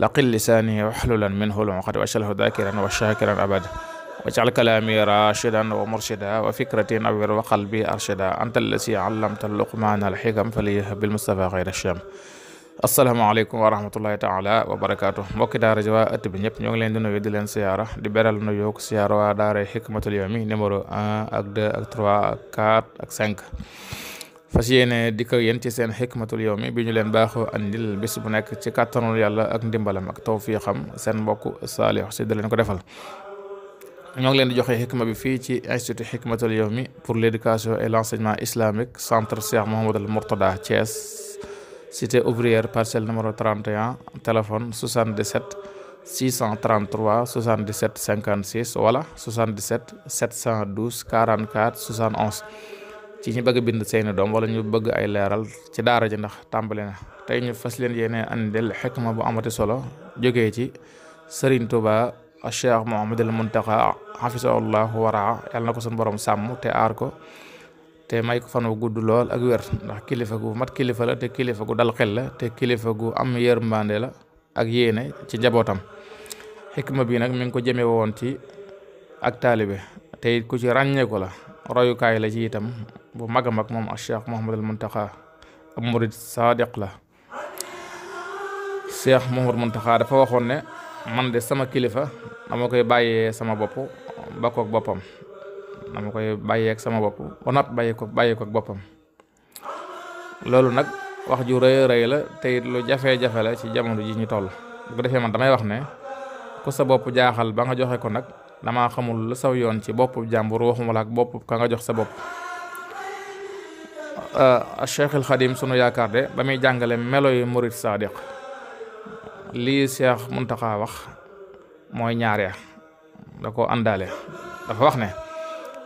laqil lisaani waxlulan minhu lmuqad wacalhu dakiran wa shakiran abada wajcal kalaami rashidan wa murshida wa fikrati nawir wa qalbi arshida anta allasi asalaamaaleykum wa rahmatullahi taala wa barakaatu mbokki daara ji waa ëtt bi ñëpp ñoo ngi leen di nuyu di leen siyaara di beral nuyu siyaara waa daara xikmatul yawmi numéro 1 ak 2 ak 3 ak 4 fas yéene di ko yéen ci seen xikmatul yawmi bi ñu leen baaxoo andil bis bu nekk ci kàttanul yàlla ak ndimbalam ak tawfiixam seen mbokk Saliou Sy da leen ko defal ñoo ngi leen di joxe xikma bi fii ci institut xikmatul yawmi pour l'éducation et l'enseignement islamique centre Cheikh Mouhamed al Mourtada Thiès cité ouvrière parcelle numéro 31 téléphone 77 633 77 56 wala 77 712 44 71 ci ñu bëgg bind seeni doom wala ñu bëgg ay leeral ci daara ji ndax tàmbali na tey ñu fas leen yéene andil xikma bu amati solo jógee ci Serigne Touba Cheikh Mouhamadul Muntaqa hafisahullahu waraa yàlla na ko suñu borom sàmm te aar ko te may ko fan wu gudd lool ak wér ndax kilifa gu mat kilifa la te kilifa gu dal xel la te kilifa gu am mbànde la ak yéene ci njabootam xikma bi nag mi ngi ko jëme woon ci ak taalibe te ku ci ràññeeku la royukaay la ci bu mag a mag moom ak cheikh Mouhamadul Muntaxa ab murid saadiq la cheikh Mouhamadul Muntaxa dafa waxoon ne man de sama kilifa dama koy bàyyee sama bopp ba koog boppam dama koy bàyyeek sama bopp ba noppi bàyyi ko bàyyi boppam loolu nag wax ju rëy rëy la te it lu jafe-jafe la ci jamono ji ñu toll bu man damay wax ne ku sa bopp jaaxal ba nga joxe ko nag damaa xamul lu saw yoon ci bopp jàmbur waxuma la ak bopp ka nga jox sa bopp Cheikh al Xadim sunu yaakaar de ba muy jàngale melo yi murid sadiq lii Cheikh Muntaxa wax mooy ñaare da ko àndaale dafa wax ne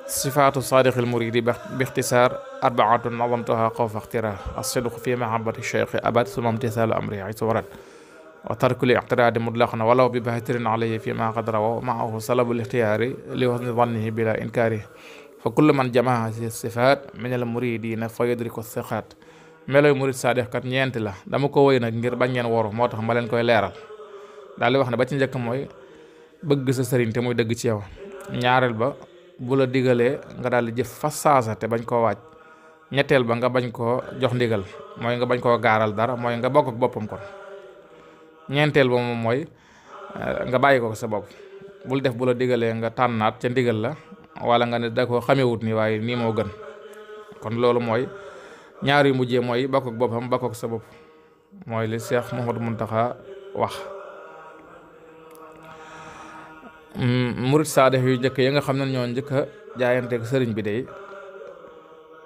sifaatu sadiqil muridi bixtisaar arbaatun nazamtuha xawfa ixtiraar as-sidqu fi mahabbati cheikhi abad suma imtisaalu amri ay suwarat wa tarku li ictiraadi mutlaqan walaw bi baatirin alayhi fi ma qad rawaw maahu salabul ixtiyaari li wasni zannihi bila inkaari fa kullu man jamaa si sifaat minal muridina fa yudriku siqaat meloy murid saadiq kat ñeenti la dama ko woy nag ngir bañ ngeen woru moo tax ma leen koy leeral daal di wax ne ba ci njëkk mooy bëgg sa sëriñ te muy dëgg ci yow ñaareel ba bu la digalee nga daal di jëf fas saasa te bañ koo waaj ñetteel ba nga bañ koo jox ndigal mooy nga bañ koo gaaral dara mooy nga bokk boppam kon ñeenteel ba moom mooy eh, nga bàyyi ko sa bopp bul def bu la digalee nga tànnaat ca ndigal la wala nga ne da koo xamewut ni waaye nii moo gën kon loolu mooy ñaar yu mujjee mooy bakk boppam bakkook sa bopp mooy li Cheikh Mouhamadou wax mm, murit saadix yu ya nga xam ne ñoo njëkk a jaayanteeg sëriñ bi de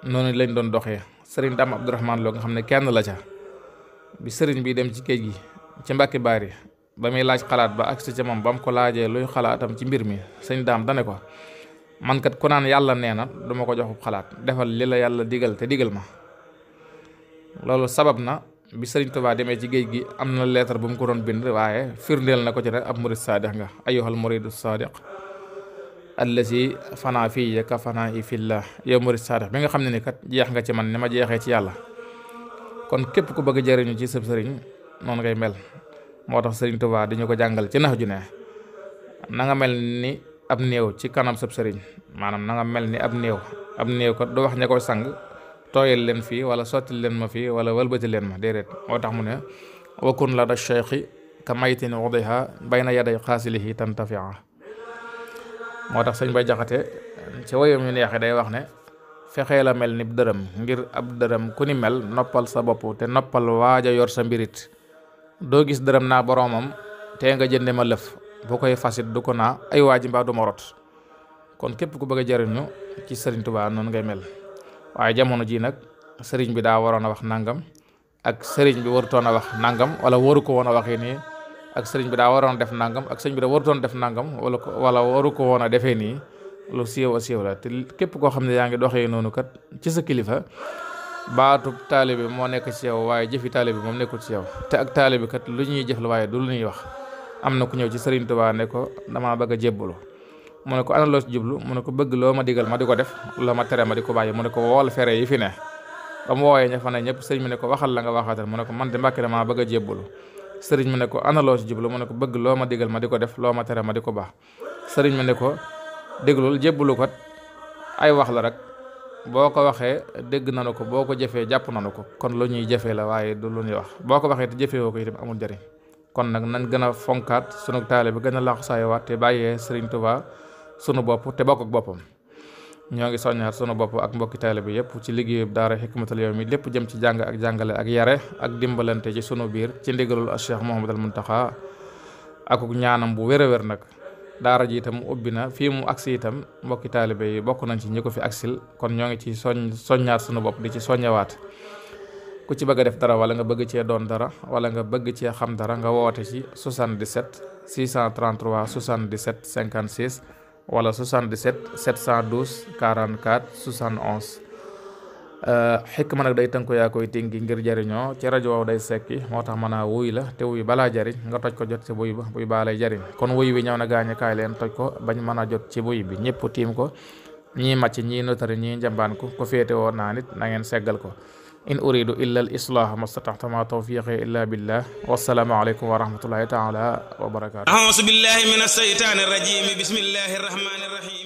noonu lañ doon doxee sëriñ Dame Abdourahmane loo nga xam ne kenn la ca bi sëriñ bii dem ci géej gi ci baar yi ba muy laaj xalaat ba agsi ca moom ba ko laajee luy xalaatam ci mbir mi sëñ Dame dane ko man kat ku naan yàlla nee na du ko jox xalaat defal li la yàlla digal te digal ma loolu sabab na bi Sëriñ tubaa demee ci géej gi am na leetar bu mu ko doon bind waaye firndeel na ko ci rek ab murid saadiq nga ayyuhal muridu saadiq allazi fanaa fii ka fanaa i filla yow murid saadiq bi nga xam ne ni kat jeex nga ci man ni ma jeexee ci yàlla kon képp ku bëgg jëriñu ci sëb sëriñ noonu ngay mel moo tax Sëriñ tubaa dañu ko jàngal ci nax ju ne na mel ni ab néew ci kanam sab sëriñ maanaam nanga mel ni ab néew ab néew ko du wax ña koy sang tooyal leen fii wala sottil leen ma fii wala walbati leen ma déedéet moo tax mu ne wakun la da cheikhi ka maytin wadiha bayna yaday xaasilihi tantafia moo tax sëñ ba jaxate ci woyam yu neexe day wax ne fexee la mel ni dërëm ngir ab dërëm ku ni mel noppal sa bopp te noppal waaja yor sa mbirit doo gis dërëm naa boroomam te nga jënde ma lëf boo koy fasit du ko naa ay waa ji mbaa du ma kon képp ku bëgg a jariñu ci sëriñ tubaa noonu ngay mel waaye jamono ji nag sëriñ bi daa waroon a wax nangam ak sëriñ bi warutoon a wax nangam wala waru ko woon a waxee nii ak sëriñ bi daa waroon def nangam ak sëriñ bi daa warutoon def nangam wala wala waru ko woon a defee nii lu siiw a la te képp koo xam ne yaa ngi doxe noonu kat ci sa kilifa baatub taalibe moo nekk ci yow waaye jëfi taalibe moom nekkul ci yow te ak taalibe kat lu ñuy jëf waaye du lu ñuy wax. am na ku ñëw ci Serigne Touba ne ko damaa bëgg a jébbalu mu ne ko ana loo jublu mu ne ko bëgg loo ma digal ma di ko def loo ma tere ma di ko bàyyi mu ne ko wool fere yi fi ne ba mu wooyee ña fa ñëpp sëriñ mi ne ko waxal la nga waxaatal mu ne ko man de mbàkke damaa a jébbalu sëriñ mi ne ko ana loo mu ne ko bëgg loo ma digal ma di ko def loo ma tere ko baax sëriñ mi ne ko déglul jébbalu kat ay wax la rek boo ko waxee dégg nanu ko boo ko jafee jàpp nanu ko kon lu ñuy jëfee la waaye du lu ñuy wax boo ko waxee te jëfee woo ko itam amul jariñ kon nag nañ gën a fonkaat sunu taale bi gën a laxasaayowaat te bàyyee Serigne Touba sunu bopp te bokk ak boppam ñoo ngi soññaat sunu bopp ak mbokki taale bi yëpp ci liggéeyub daara Hikmatul Yawmi lépp jëm ci jàng ak jàngale ak yare ak dimbalante ci sunu biir ci ndigalul Cheikh Mouhamadul Mountakha ak ñaanam bu wér a wér nag daara ji itam ubbi na fii mu agsi itam mbokki taalibe yi bokk nañ ci ñi ko fi agsil kon ñoo ngi ci soñ soññaat sunu bopp di ci soññewaat ku ci bëgg a def dara wala nga bëgg cee doon dara wala nga bëgg cee xam dara nga woote ci 77 633 77 56 wala 77 712 44 xekk ma nag day tënku yaa koy tingi ngir jariñoo ci rajo day sekki moo tax mën a wuy la te wuy balaa jariñ nga toj ko jot ci buy ba buy baa jariñ kon wuy wi ñëw na gaañe leen toj ko bañ mën jot ci buy bi ñëpp tiim ko ñii mac ñii notari ñii njambaan ko ko féete woon naa nit na ngeen ko in uridu illa al islaah mastataxta ma tawfiqi illa billah wassalaamu aleykum wa rahmatullahi taala wa barakatu ausu billahi min alsheytani irajim bismillahi irrahmani irrahim